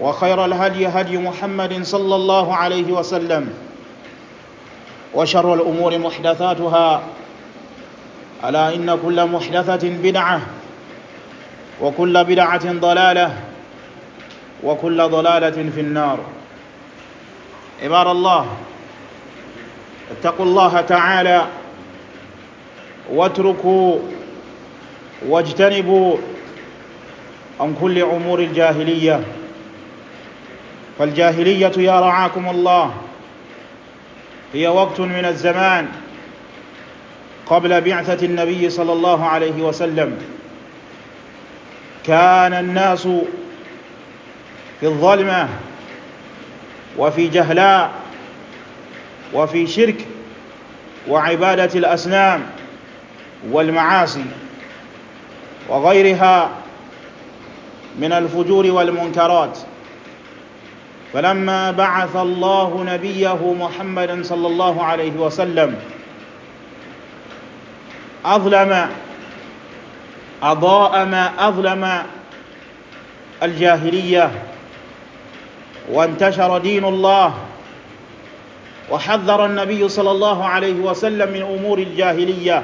وخير الهدي هدي محمد صلى الله عليه وسلم وشر الأمور محدثاتها ألا إن كل محدثة بدعة وكل بدعة ضلالة وكل ضلالة في النار عبار الله اتقوا الله تعالى واتركوا واجتنبوا عن كل أمور الجاهليه فالجاهلية يا رعاكم الله هي وقت من الزمان قبل بعثة النبي صلى الله عليه وسلم كان الناس في الظلمة وفي جهلاء وفي شرك وعبادة الأسنام والمعاصي وغيرها من الفجور والمنكرات فلما بعث الله نبيه محمدا صلى الله عليه وسلم أظلم أضاء ما أظلم الجاهلية وانتشر دين الله وحذر النبي صلى الله عليه وسلم من أمور الجاهلية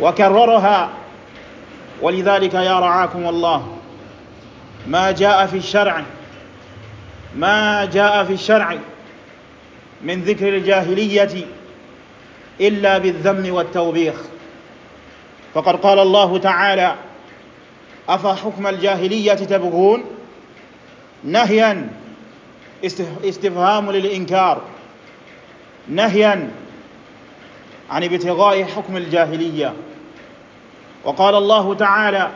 وكررها ولذلك يا رعاكم الله ما جاء في الشرع ما جاء في الشرع من ذكر الجاهلية إلا بالذم والتوبيخ فقد قال الله تعالى أفحكم الجاهلية تبغون نهيا استفهام للإنكار نهيا عن ابتغاء حكم الجاهلية وقال الله تعالى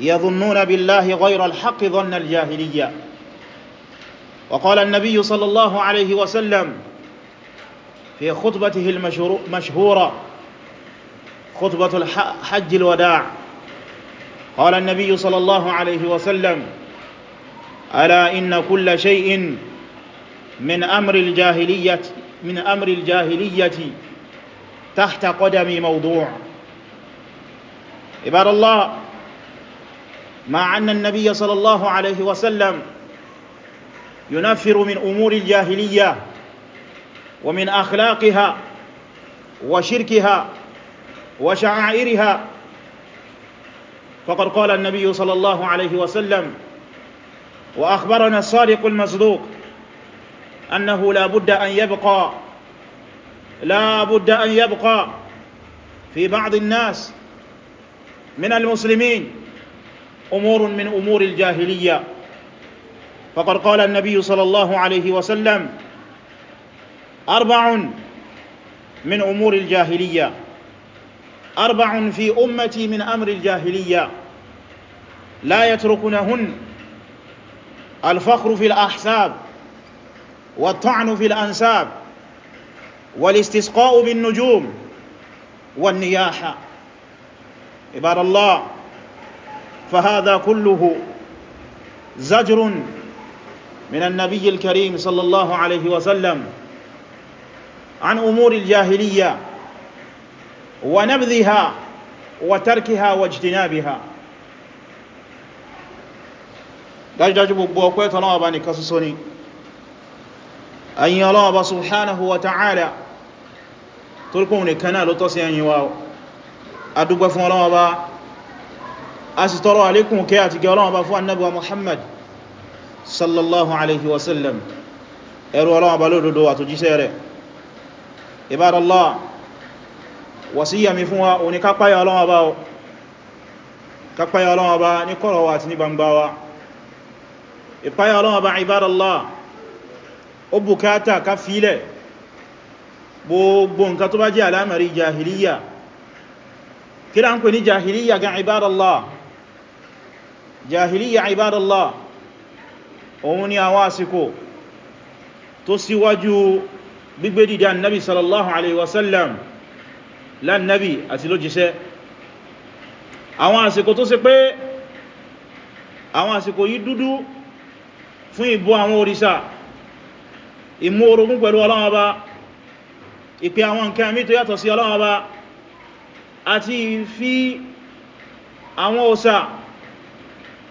يظنون بالله غير الحق ظن الجاهلية وقال النبي صلى الله عليه وسلم في خطبته المشهورة خطبة الحج الوداع قال النبي صلى الله عليه وسلم ألا إن كل شيء من أمر الجاهلية من أمر الجاهلية تحت قدمي موضوع عباد الله مع أن النبي صلى الله عليه وسلم ينفر من أمور الجاهلية ومن أخلاقها وشركها وشعائرها فقد قال النبي صلى الله عليه وسلم وأخبرنا الصادق المصدوق أنه لا بد أن يبقى لا بد أن يبقى في بعض الناس من المسلمين أمور من أمور الجاهلية فقد قال النبي صلى الله عليه وسلم أربع من أمور الجاهلية أربع في أمتي من أمر الجاهلية لا يتركنهن الفخر في الأحساب والطعن في الأنساب والاستسقاء بالنجوم والنياحة عباد الله فهذا كله زجر من النبي الكريم صلى الله عليه وسلم عن أمور الجاهلية ونبذها وتركها واجتنابها dájúdájú gbogbo ọpẹ́ tọ́lọ́wọ́ bá ní kásúsọ ní ayin ọlọ́wọ́ bá subhanahu wa ta'ala torkun ní kanáà ló tọ́ sí ayin wa adúgbẹ́ fún ọlọ́wọ́ bá a sì tọrọ alékùn kẹ́ àti gẹ́ ọlọ́wọ́ bá fún annabuwa muhammad sallallahu alaihi wasallam ẹrù ọlọ́wọ́ bá lódodo wà tó jíṣẹ́ rẹ̀ ibadallá wàsíyàmí fún wa òní kápáyà ọlọ́wọ́ bá ní kọ̀rọ̀ wa àti ní gbangba wa ìpáyà ọlọ́wọ́ bá ibadallá ó bùkátà ká fílẹ̀ gbogbo nǹkan tó bá jẹ́ alámàrí jahiliya kí lá ń pè ní jahiliya gan ibadallá jahiliya ibadallá òun ni àwọn àsìkò tó síwájú gbígbé dìde annabi sallallahu alaihi wasallam lánnabi àti lójíṣẹ́ àwọn àsìkò tó ṣe pé àwọn àsìkò yìí dúdú fún ìbọ àwọn òrìṣà ìmú orogún pẹ̀lú Ọlọ́run Ọba ìpè àwọn nǹkan mí tó yàtọ̀ sí Ọlọ́run àti fi àwọn òsà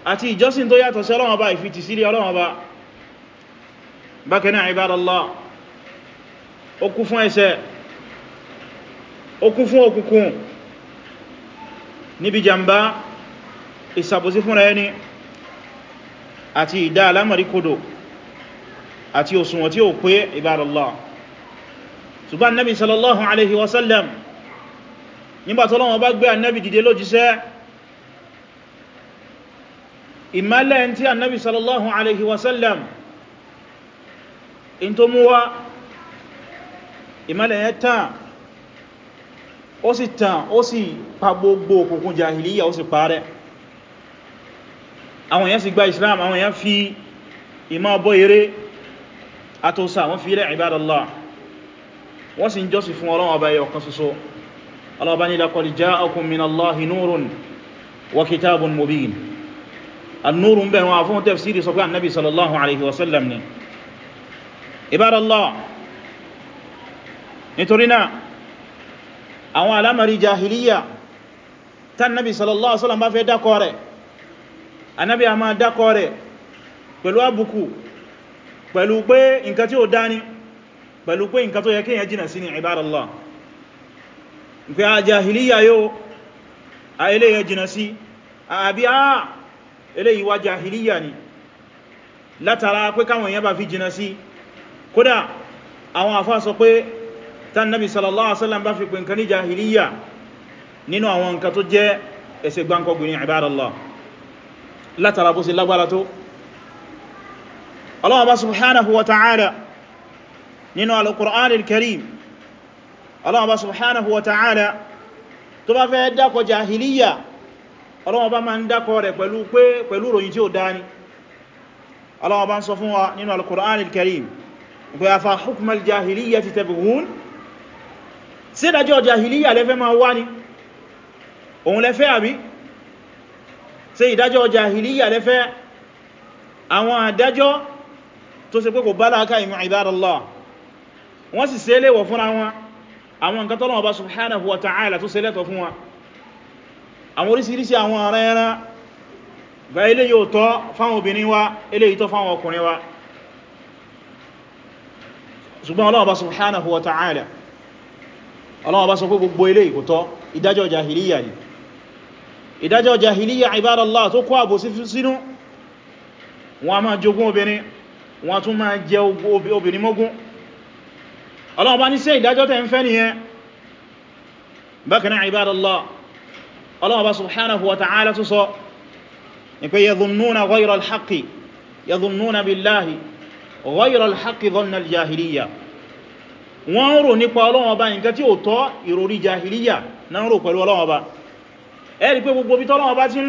àti ìjọsìn tó yàtọ̀ sí Ọlọ́run Ọba ìfiti sílé Ọlọ́run Ọba bákanáà ibadallah ó kún fún ẹ̀ṣẹ̀ ó kún fún òkùnkùn níbi jàmbá ìsàbòsí fúnra ẹni àti ìdá alámọ̀rí kodò àti òsùnwọ̀n tí ó pé ibadallah ṣùgbọ́n nabi sallallahu alaihi wasallam nígbàtí Ọlọ́run Ọba gbé annabi dìde lójíṣẹ́ ìmálẹ̀ tí annabi sallallahu alaihi wasallam in tó mú wá ìmálẹ̀ yẹn tàn ó sì tàn ó sì pa gbogbo òkùnkùn jahiliya ó sì parẹ́ àwọn èèyàn sì gba islam àwọn èèyàn fi ìmá ọbọ̀ eré àtòsà wọ́n fi ilẹ̀ ibadallah wọ́n sì ń jọ́sì fún Ọlọ́run wa kitabun mubin annúrù ń bẹ̀rún àfún tafsiri sọ pé annabi sallallahu alaihi wasallam ni ibadallah nítorí náà àwọn alamari jahiliya tán nabi sallallahu alaihi wasallam bá fẹ́ dákọ rẹ̀ annabi a máa dákọ rẹ̀ pẹ̀lú àbùkù pẹ̀lú pé nǹkan tí ó dání pẹ̀lú pé nǹkan tó yẹ kí yẹn jìnà sí ni ibadallah pé a jahiliya yóò a ilé yẹ jìnà sí àbí a eléyìí wá jahiliya ni látara pé káwọn èèyàn bá fi jìnà sí kódà àwọn àfá sọ pé tán nabi sallallahu alaihi wasallam bá fi pè nǹkan ní jahiliya nínú àwọn nǹkan tó jẹ́ ẹ̀ṣẹ̀ gbáǹkọ́gbìnrin ibadallah látara bó ṣe lágbára tó Allah bá subhanahu wa ta'ala nínú al ọlọ́wọ́ bá máa ń dákọ rẹ̀ pẹ̀lú pé pẹ̀lú ròyìn tí ó dáni ọlọ́wọ́ bá ń sọ fún wa nínú al-Qur'an al-Karim pé afa hukm al-jahiliya ti tabghun sí dájọ́ jahiliya lẹ́fẹ́ máa wá ní òun lẹ́fẹ́ àbí sí ìdájọ́ jahiliya lẹ́fẹ́ àwọn àdájọ́ tó ṣe pé kò bá ìmọ̀ ibadallah wọ́n sì ṣe léwọ̀ fúnra wọn àwọn nǹkan tọ́lọ́wọ́ bá subhanahu wa ta'ala tó ṣe lẹ́tọ̀ fún wa àwọn orísìírísìí àwọn ara ẹran gba ilé yóò tọ́ fáwọn obìnrin wa ilé ìtọ́ fáwọn ọkùnrin wa ṣùgbọ́n Allah subhanahu wa ta'ala Allah sọ pé gbogbo ilé ìkòtọ́ ìdájọ́ jahiliya ni ìdájọ́ jahiliya ibadallah tó kó àbò sínú wọn máa jogún obìnrin wọn tún máa jẹ obìnrin mọ́gún Allah ní ṣé ìdájọ́ tẹ́ ń fẹ́ nìyẹn bákan náà Ọlọ́hun Ọba subhanahu wa ta'ala tó sọ ní pé yadhunnuna ghayra al-haqqi yadhunnuna billahi ghayra al-haqqi dhanna al-jahiliya wọ́n rò nípa Ọlọ́hun Ọba nǹkan tí ó tọ́ ìròrí jahiliya náà rò pẹ̀lú Ọlọ́hun Ọba ẹ̀rí pé gbogbo bí tọ́lọ́hun Ọba ti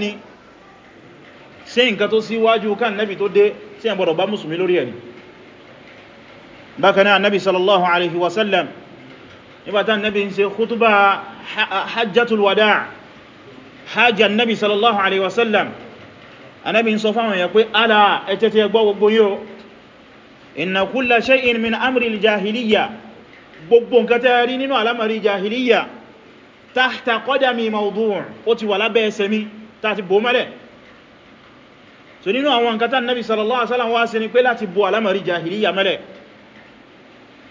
ń ṣe nǹkan tó síwájú kan nabi tó dé ṣe ń gbọ́dọ̀ bá musulmi lórí ẹni bákanáà nabi sallallahu alaihi wasallam nígbàtá nabi ń ṣe kútúbà hajjatul wada hajjan nabi sallallahu alaihi wasallam anabi ń sọ fáwọn ya pé ala ẹ̀tẹ́tẹ́ gbọ́ gbogbo yóò inna kulla shay'in min amri al-jahiliya gbogbo nǹkan tẹ́ rí nínú alamari jahiliya tahta qadami mawdu' ó ti wà lábẹ́ ta ti bò mẹ́lẹ̀ so nínú àwọn nǹkan tán nabi sallallahu alaihi wasallam wá ṣe ni pé láti bo alamari jahiliya mẹ́lẹ̀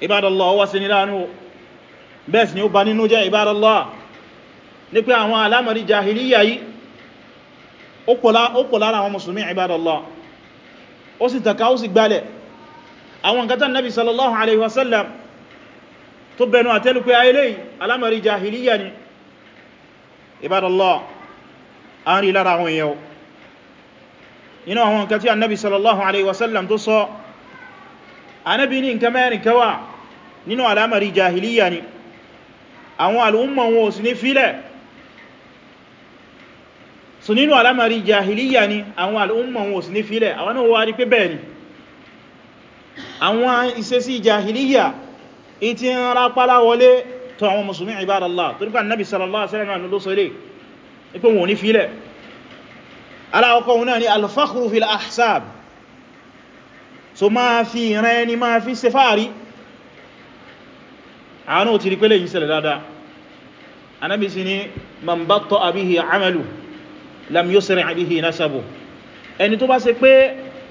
ibadallah wá ṣe ni láàánú bẹ́ẹ̀ sì ni ó bà nínú jẹ́ ibadallah ní pé àwọn alamari jahiliya yìí ó pọ̀ lára àwọn musulmi ibadallah ó sì tàka ó sì gbálẹ̀ àwọn nǹkan tán nabi sallallahu alaihi inú àwọn nǹkan tí annabi sallallahu alaihi wasallam tó sọ annabi ní nǹkan mẹ́rin kẹwà nínú alamari jahiliya ni àwọn al'umma wọn sì ní filẹ̀ so nínú alamari jahiliya ni àwọn al'umma wọn sì ní filẹ̀ àwọn náà wá rí pé bẹ́ẹ̀ ni àwọn ìṣesí jahiliya ìtí ń rápálá wọlé tó àwọn musulmi ibadallah tó nípa annabi sallallahu alaihi wasallam ló sọ ilé ipò wọn ní filẹ̀ aláwọ̀kọ́ wọn náà ni alfakhru fil ahsab so ma fi ìran ẹni ma fi ṣe fàárí àwọn náà ti rí pẹ́lẹ̀ yìí ṣẹlẹ̀ dáadáa anábi sí ni man batta'a bihi amalu lam yusri' bihi nasabu ẹni tó bá ṣe pé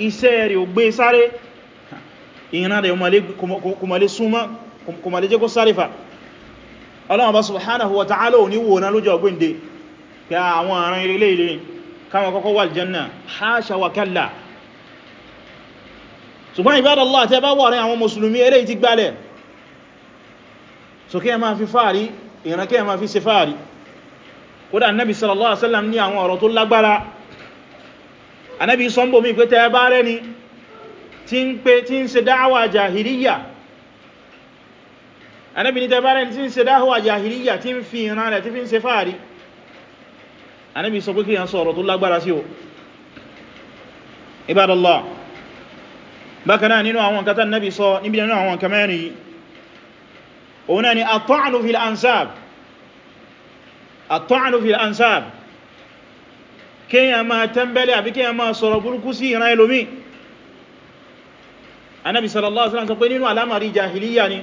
iṣẹ́ rẹ̀ ò gbé e sáré ìran rẹ̀ kùmọ̀lé súnmọ́ kùmọ̀lé jẹ́ kó sáré fa subhanahu wa ò ní wò náà lójú ọgbẹ́ndé pé àwọn àrán ilé ilé káwọn kọ́kọ́ wà aljanna haṣa wa kalla ṣùgbọ́n ibadallah tẹ́ bá wà rẹ̀ àwọn mùsùlùmí eléyìí ti gbálẹ̀ so kí ẹ máa fi fàárí ìran kí ẹ máa fi ṣe fàárí kódà annabi sallallahu alaihi wasallam ní àwọn ọ̀rọ̀ tó lágbára annabi sọ́mbò mi pé tẹ́ bá tí ń pé tí ń tí ń fi ìran rẹ̀ tí fi ń ṣe fàárí anábi sọ pé kí yàn sọ ọ̀rọ̀ tó lágbára sí o ibadallah bákaná nínú àwọn kátà nábi sọ níbi nínú àwọn kamẹ́rin yìí òun náà ni at-ta'nu fil ansab at-ta'nu fil ansab kíyàn máa tẹ́mbẹ̀lẹ̀ àbí kíyàn máa sọ̀rọ̀ burúkú sí ìran ẹlòmí anábi sallallahu alaihi wasallam sọ pé nínú alamari jahiliya ni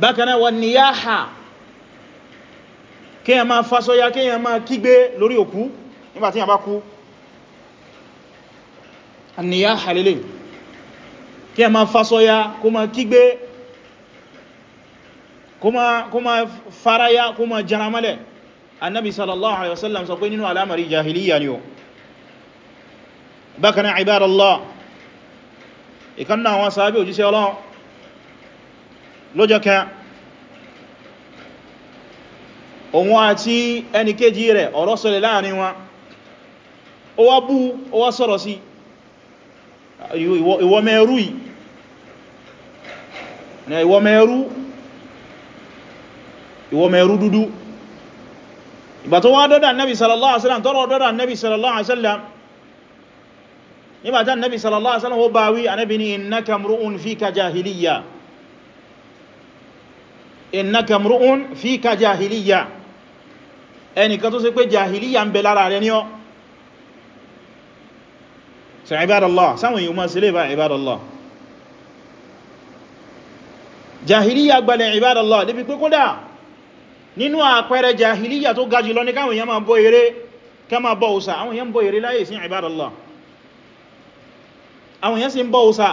bákan náà wà níyáhà kí yẹn máa fásọ́yá kí yẹn máa kígbe lórí òkú nígbàtí yẹn bá kú níyáhà lélè kí yẹn máa fásọ́yá kó máa kígbe kó máa faraya kó máa jaramálẹ̀ annabi sallallahu alaihi wasallam sọ pé nínú alamari jahiliya ni o bákan náà ibadallah ìkan wọn sáábí òjíṣẹ́ Ọlọ́run lọ́jọ́ kan òun àti ẹnìkejì rẹ̀ ọ̀rọ̀ sọlẹ̀ láàrin wọn ó wá bú ó wá sọ̀rọ̀ sí ìwọ mẹ́rú yìí ìwọ mẹ́rú ìwọ mẹ́rú dúdú ìgbà tó wá dọ́dà nẹ́bì sallallahu alaihi wasallam tọ́rọ dọ́dà nẹ́bì sallallahu alaihi wasallam nígbàtá nẹ́bì sallallahu alaihi wasallam ó bá wí anẹ́bì ní innaka mru'un fika jahiliya innaka mru'un fika jahiliya ẹnìkan tó ṣe pé jahiliya ń bẹ lára rẹ̀ ní ọ́ so ibadallah sáwọn èèyàn máa sílé bá ibadallah jahiliya gbalẹ̀ ibadallah débi pé kódà nínú àpẹẹrẹ jahiliya tó gajù lọ ní káwọn èèyàn máa bọ́ eré ká máa bọ́ òsà àwọn èèyàn bọ́ eré láyé sí ibadallah àwọn èèyàn sì ń bọ́ òsà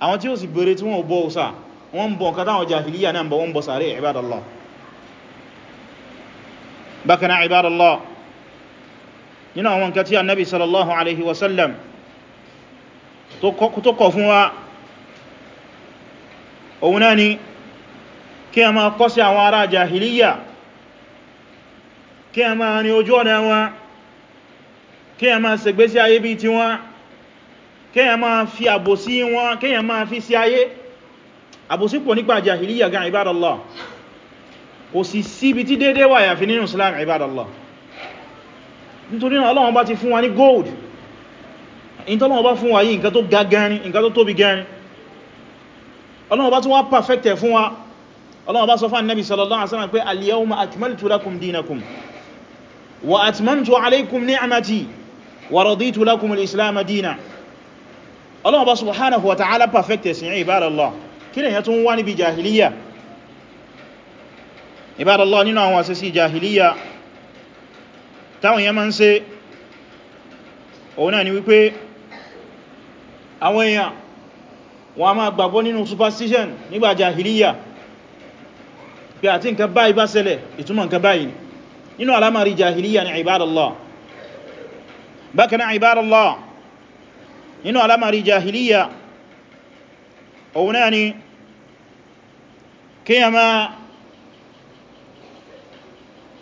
àwọn tí ó sì bèèrè tí wọ́n bọ́ òsà wọ́n ń bọ nǹkan táwọn jahiliya náà bọ wọ́n bọ sàárè ibadallah bákaná ibadallah nínú àwọn nǹkan tí annabi sallallahu alaihi wasallam tó kọ fún wa òun náà ni kí a máa kọ́ sí àwọn ará jahiliya kí a máa ní ojú ọ̀nà wọn kí a máa ṣègbésí ayé bí tiwọn kí a máa fi àbòsí wọn kí a máa fi sí ayé àbòsípò nípa jahiliya gan ibadallah kò sì síbi tí dédé wà yàfi nínú islam ibadallah nítorí náà Ọlọ́run bá ti fún wa ní gold in tó Ọlọ́run bá fún wa yí nǹkan tó ga gani nǹkan tó tóbi gani Ọlọ́run bá tún wá perfecte fún wa Ọlọ́run bá sọ fún annabi sallallahu alaihi wasallam pé al-yawma akmaltu lakum dinakum wa atmamtu alaykum ni'mati wa raditu lakum kí lèyàn tún wá níbi jahiliya ibadallah nínú àwọn àṣẹ́sí jahiliya táwọn yẹn ma ń ṣe òun náà ni wípé àwọn èèyàn wọ́n a máa gbàgbọ́ nínú superstition nígbà jahiliya pé àti nǹkan báyìí bá ṣẹlẹ̀ ìtumọ̀ nǹkan báyìí nínú alamari jahiliya ni ibadallah bákaná ibadallah nínú alamari jahiliya òun náà ni kí a máa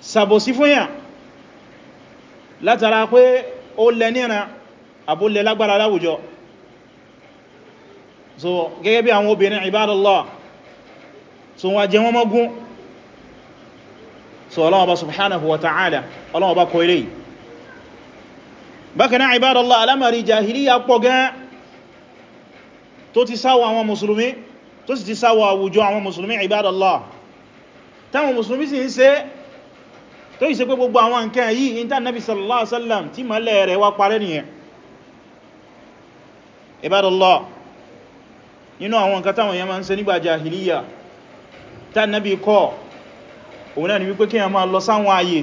sàbòsí fún yà látara pé ó lẹ níran àbúlẹ̀ lágbára láwùjọ so gẹ́gẹ́ bí àwọn obìnrin ibadallah so wọ́n jẹ wọ́n mọ́gún so Allah ọba subhanahu wa ta'ala Allah ọba ilé bákanáà ibadallah alamari jahiliya pọ̀ gan tó ti sáwọ àwọn mùsùlùmí tó sì ti sáwọ àwùjọ àwọn mùsùlùmí ibadallah táwọn mùsùlùmí sì ń ṣe tó ìṣe pé gbogbo àwọn nǹkan yìí in tán nabi sallallahu alaihi wasallam tí mọ́lẹ̀ rẹ̀ wá parẹ́ nìyẹn ibadallah nínú àwọn nǹkan táwọn yẹn máa ń ṣe nígbà jahiliya tán nabi kọ́ òun náà ni wípé kíyàn máa lọ sáwọn ààyè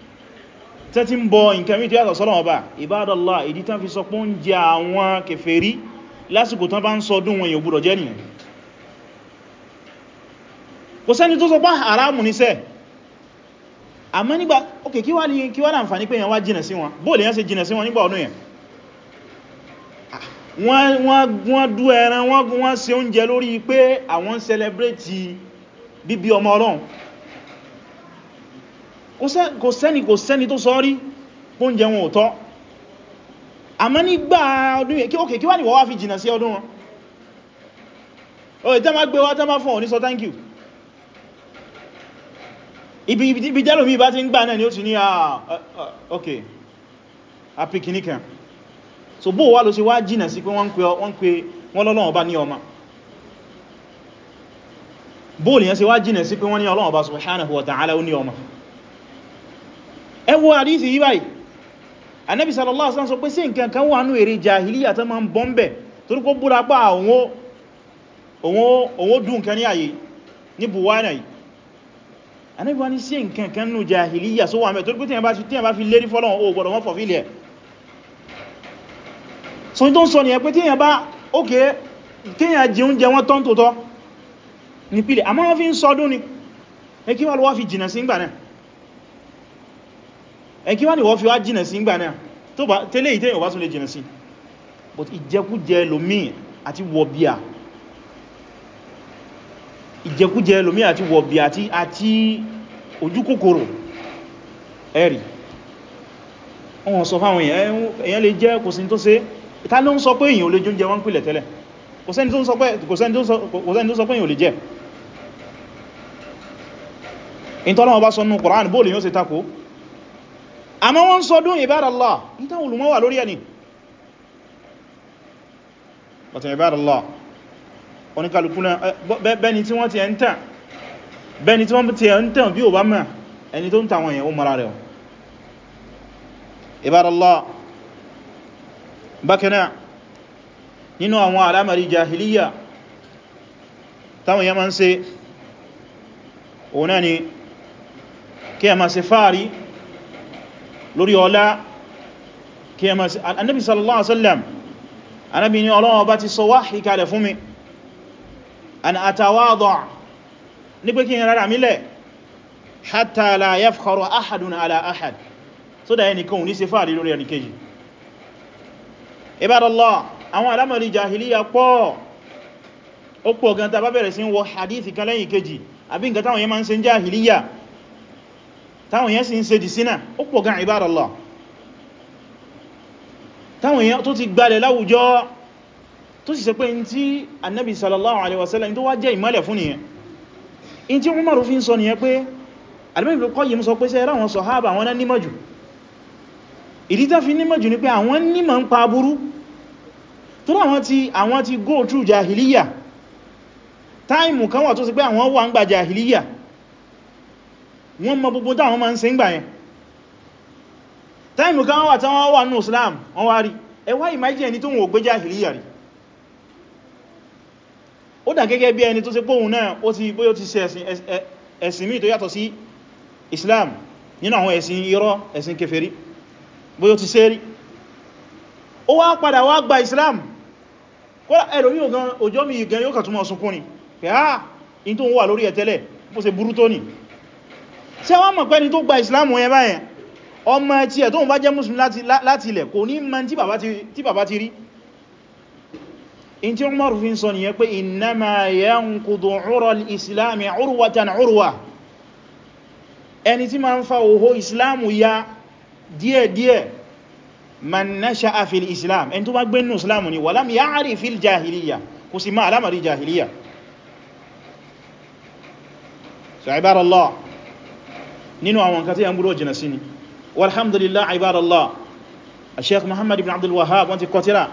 tẹ́ ti ń bọ nǹkan mí tó yàtọ̀ sọ́lọ́wọ́ bá ìbádọ́lá ìdí tán fi sọ pé ń jẹ àwọn kèfèrí lásìkò tán bá ń sọ dún wọn yóò gbúdọ̀ jẹ́ nìyàn kò sẹ́ni tó sọ pá ah, haramu níṣẹ́ àmọ́ nígbà ok kí wá ní kí wá láǹfàní pé èyàn wá jìnà sí wọn bóòlù èyàn ṣe jìnà sí wọn nígbà ọdún yẹn ah, wọ́n dú ẹran wọ́n ṣe oúnjẹ lórí pé àwọn celebrate bíbí ọmọ Ọlọ́run kò sẹ́ni kò sẹ́ni tó sọ rí póúnjẹ wọn ò tọ́ àmọ́ nígbà ọdún yẹ kí òkè kí wá ní wọ́n wá fi jìnà sí ọdún wọn ọ̀rẹ́ tẹ́ ma gbé wá tẹ́ ma fún ọ sọ thank you ibi ibi jẹ́lòmí bá ti ń gbà náà ni ó ti ní ah, ah, ah, ok apikinikan so bó wá ló ṣe wá jìnà sí pé wọ́n pè wọ́n lọ́lọ́wọ́ bá ní ọmọ bóòlù yẹn ṣe wá jìnà sí pé wọ́n ní Ọlọ́run bá subhanahu wa ta'ala ó ní ọmọ ẹ wo hadisi yìí báyìí Ànábì sallallahu alaihi wasallam sọ pé sí nǹkan kan wà nú èrè jahiliya tó ma ń bọ́ ń bẹ̀ torí kó búra pa òun ó dùn kan ní àyè ní buwana yìí Ànábì wá ní sí nǹkan kan nú jahiliya so ní tó ń sọ ní ẹ pé tí ẹ bá ókè kíyàn jí oúnjẹ wọn tọ́ntòtọ́ ní pílẹ̀ àmọ́ wọ́n fi ń sọdún ni ẹ kí fi jìnà sí ìgbà náà ẹ kí wá ní wọ́n fi wá jìnà sí ìgbà náà tó bá tẹ́lẹ̀ ìtẹ́ ìwọ̀n bá jìnà sí but ìjẹkújẹ lomi àti wọ̀bíà ìjẹkújẹ lomi àti wọ̀bíà àti àti ojúkòkòrò ẹ̀rì wọ́n sọ fáwọn èèyàn lè jẹ́ kò sí tó ṣe ta ló ń sọ pé èèyàn ò lè jóúnjẹ wọ́n pìlẹ̀ tẹ́lẹ̀ kò sẹ́ni tó sọ pé èèyàn ò lè jẹ́ ìtọ́lọ́wọ́ bá sọ nínú Kùránì bóòlù yóò ṣe àmọ́ wọ́n sọdún ìbádàlá nítàn olùmọ́wà lórí ẹni bàtà ìbádàlá oníkàlùkúnà bẹni tí wọ́n ti ẹ̀ ń tàn bẹni tí wọ́n ti ẹ̀ ń tàn bí ò bá mẹ́ ẹni tó ń tàn wọ́n yẹn ó mara rẹ̀ ìbádàlá bákanáà lórí ọlá kí ẹ máa ṣe annabi sallallahu alaihi wasallam annabi ni Ọlọ́run bá ti sọ wahyi kalẹ̀ fún mi an atawadha ní pé kí n rárá mílẹ̀ hatta la yafkharu ahadun ala ahad so da ẹnìkan ò ní ṣe fàárí lórí ẹnìkejì ibadallah àwọn alamari jahiliya pọ̀ ó pọ̀ gan tá bá bẹ̀rẹ̀ sí hadithi kan lẹ́yìn kejì àbí nǹkan táwọn yẹn máa ń ṣe jahiliya táwọn yẹn sì ń ṣe dì sínà ó pọ̀ gan ìbáraláà táwọn yẹn tó ti gbalẹ̀ láwùjọ tó sì ṣe pé in tí annabi sallallahu alaihi wasallam tó wá jẹ́ ìmọ́lẹ̀ fún nìyẹn in tí Umaru fi ń sọ nìyẹn pé Al-Imam Ibn sọ pé ṣé ra wọn sàhábà àwọn náà nímọ̀ jù ìdí tá fi nímọ̀ jù ni pé àwọn nímọ̀ ń pa aburú tó àwọn ti àwọn ti go through jahiliya táìmù kan wà tó sì pé àwọn wà ń gba jahiliya wọ́n mọ gbogbo táwọn ma ń ṣe ń gbà yẹn táìmù kan wà tán wọ́n wà ní Islam wọ́n wá rí ẹwà ìmájì ẹni tó wọ́n gbé jahiliya rí ó dà gẹ́gẹ́ bí ẹni tó ṣe póhùn náà ó ti bóyó ti ṣe ẹ̀sìn mí tó yàtọ̀ sí Islam nínú àwọn ẹ̀sìn irọ́ ẹ̀sìn kèfèrí bóyó ti ṣe rí ó wá padà wá gba Islam kọ́lá ah in tó ń wà lórí ẹ̀tẹ́lẹ̀ bó ṣe tí wọ́n mọ̀ pẹ́ni tó gba ìsìláàmù yẹn báyẹn ọmọ tí ẹ̀ tó ń bá jẹ́ mùsùlùmí láti ilẹ̀ kò ní mọ̀ tí bàbá ti rí in tí Umar fi ń sọ nìyẹn pé innama yanqudu ural islami urwatan urwa ẹni tí ma ń fa òhó ìsìláàmù ya díẹ̀díẹ̀ man nasha'a Allah nínú àwọn nǹkan tí a ń gbúrò jìnà sí ni walhamdulillah ibadallah a sheikh muhammad ibn abdul wahab wọ́n ti kọtíra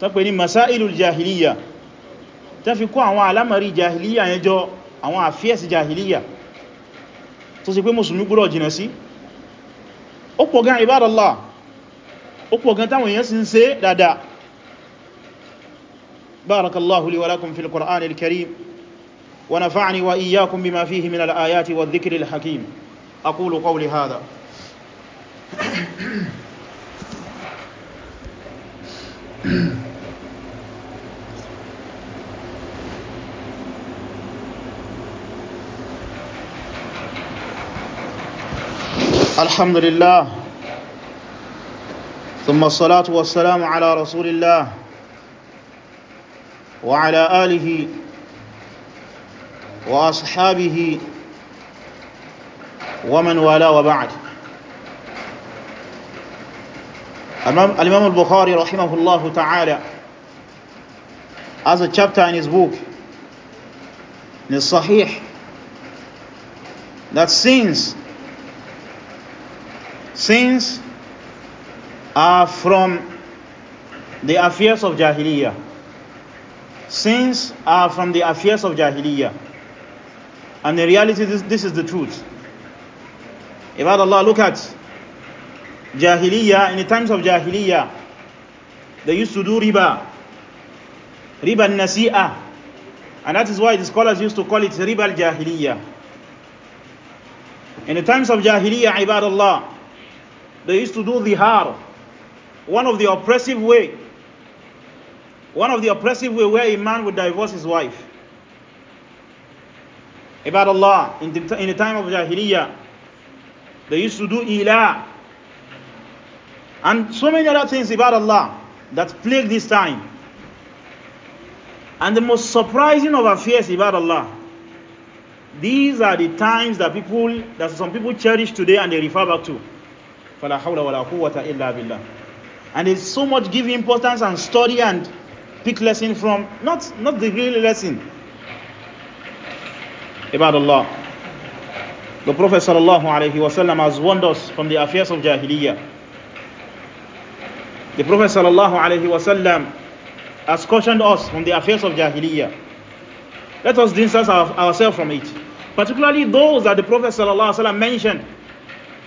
tó pè ní masailul jahiliya ta fi kó àwọn alamari jahiliya yẹn jọ àwọn àfíẹ́sì jahiliya tó sì pé musulmi gbúrò jìnà sí ó pọ̀ gan ibadallah ó pọ̀ gan táwọn èèyàn sì ń ṣe dáadáa barakallahu li wa lakum fil qur'anil karim ونفعني وإياكم بما فيه من الآيات والذكر الحكيم أقول قولي هذا الحمد لله ثم الصلاة والسلام على رسول الله وعلى آله وأصحابه ومن والاه وبعد Imam al-Bukhari الله تعالى has a chapter in his book in the Sahih that sins sins are from the affairs of Jahiliyyah sins are from the affairs of Jahiliyyah and in reality this, this is the truth Ibad Allah, look at Jahiliyyah, in the times of Jahiliyyah, they used to do riba, riba nasi'a, and that is why the scholars used to call it riba al-jahiliyyah. In the times of Jahiliyyah, Ibad Allah, they used to do dhihar, one of the oppressive way, one of the oppressive way where a man would divorce his wife. Ibad Allah, in the, in the time of Jahiliyyah, they used to do ilah and so many other things about Allah that plague this time and the most surprising of affairs about Allah these are the times that people that some people cherish today and they refer back to فَلَا حَوْلَ وَلَا قُوَّةَ إِلَّا بِاللَّهِ and there's so much give importance and study and pick lesson from not not the real lesson about Allah The Prophet sallallahu has warned us from the affairs of Jahiliyyah. The Prophet sallallahu has cautioned us from the affairs of Jahiliyyah. Let us distance ourselves from it. Particularly those that the Prophet sallallahu mentioned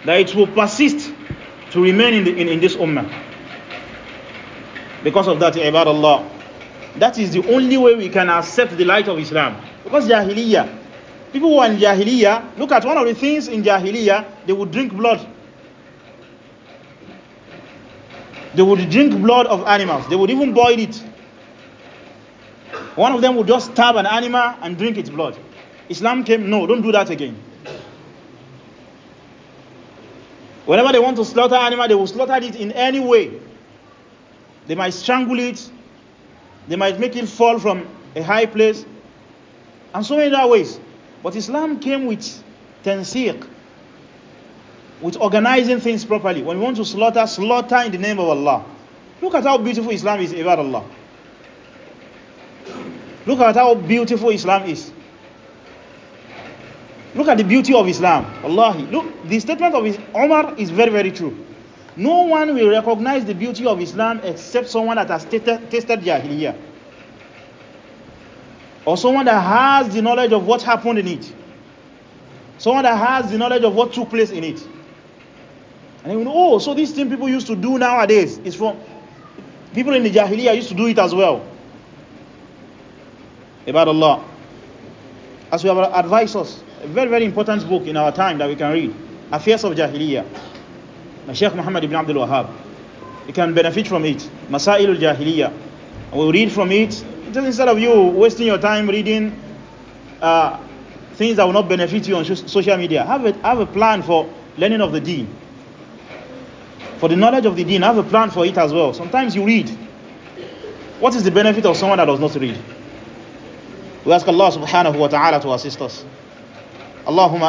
that it will persist to remain in, the, in, in this ummah. Because of that, Allah, That is the only way we can accept the light of Islam. Because Jahiliyyah people who are in Jahiliyyah, look at one of the things in Jahiliyyah, they would drink blood. They would drink blood of animals. They would even boil it. One of them would just stab an animal and drink its blood. Islam came, no, don't do that again. Whenever they want to slaughter animal, they will slaughter it in any way. They might strangle it. They might make it fall from a high place. And so many other ways. But Islam came with tansiq, with organizing things properly. When we want to slaughter, slaughter in the name of Allah. Look at how beautiful Islam is, about Allah. Look at how beautiful Islam is. Look at the beauty of Islam. Allahi. Look, the statement of Omar is very, very true. No one will recognize the beauty of Islam except someone that has tasted, tasted Jahiliyyah or someone that has the knowledge of what happened in it someone that has the knowledge of what took place in it and know oh so this thing people used to do nowadays is from people in the jahiliyyah used to do it as well about Allah as we have advised us a very very important book in our time that we can read Affairs of Jahiliyyah by Sheikh Muhammad ibn Abdul Wahhab you can benefit from it Masail al-Jahiliyyah we read from it instead of you wasting your time reading uh, things that will not benefit you on social media, have a, have a plan for learning of the deen. For the knowledge of the deen, have a plan for it as well. Sometimes you read. What is the benefit of someone that does not read? We ask Allah subhanahu wa ta'ala to assist us. Allahumma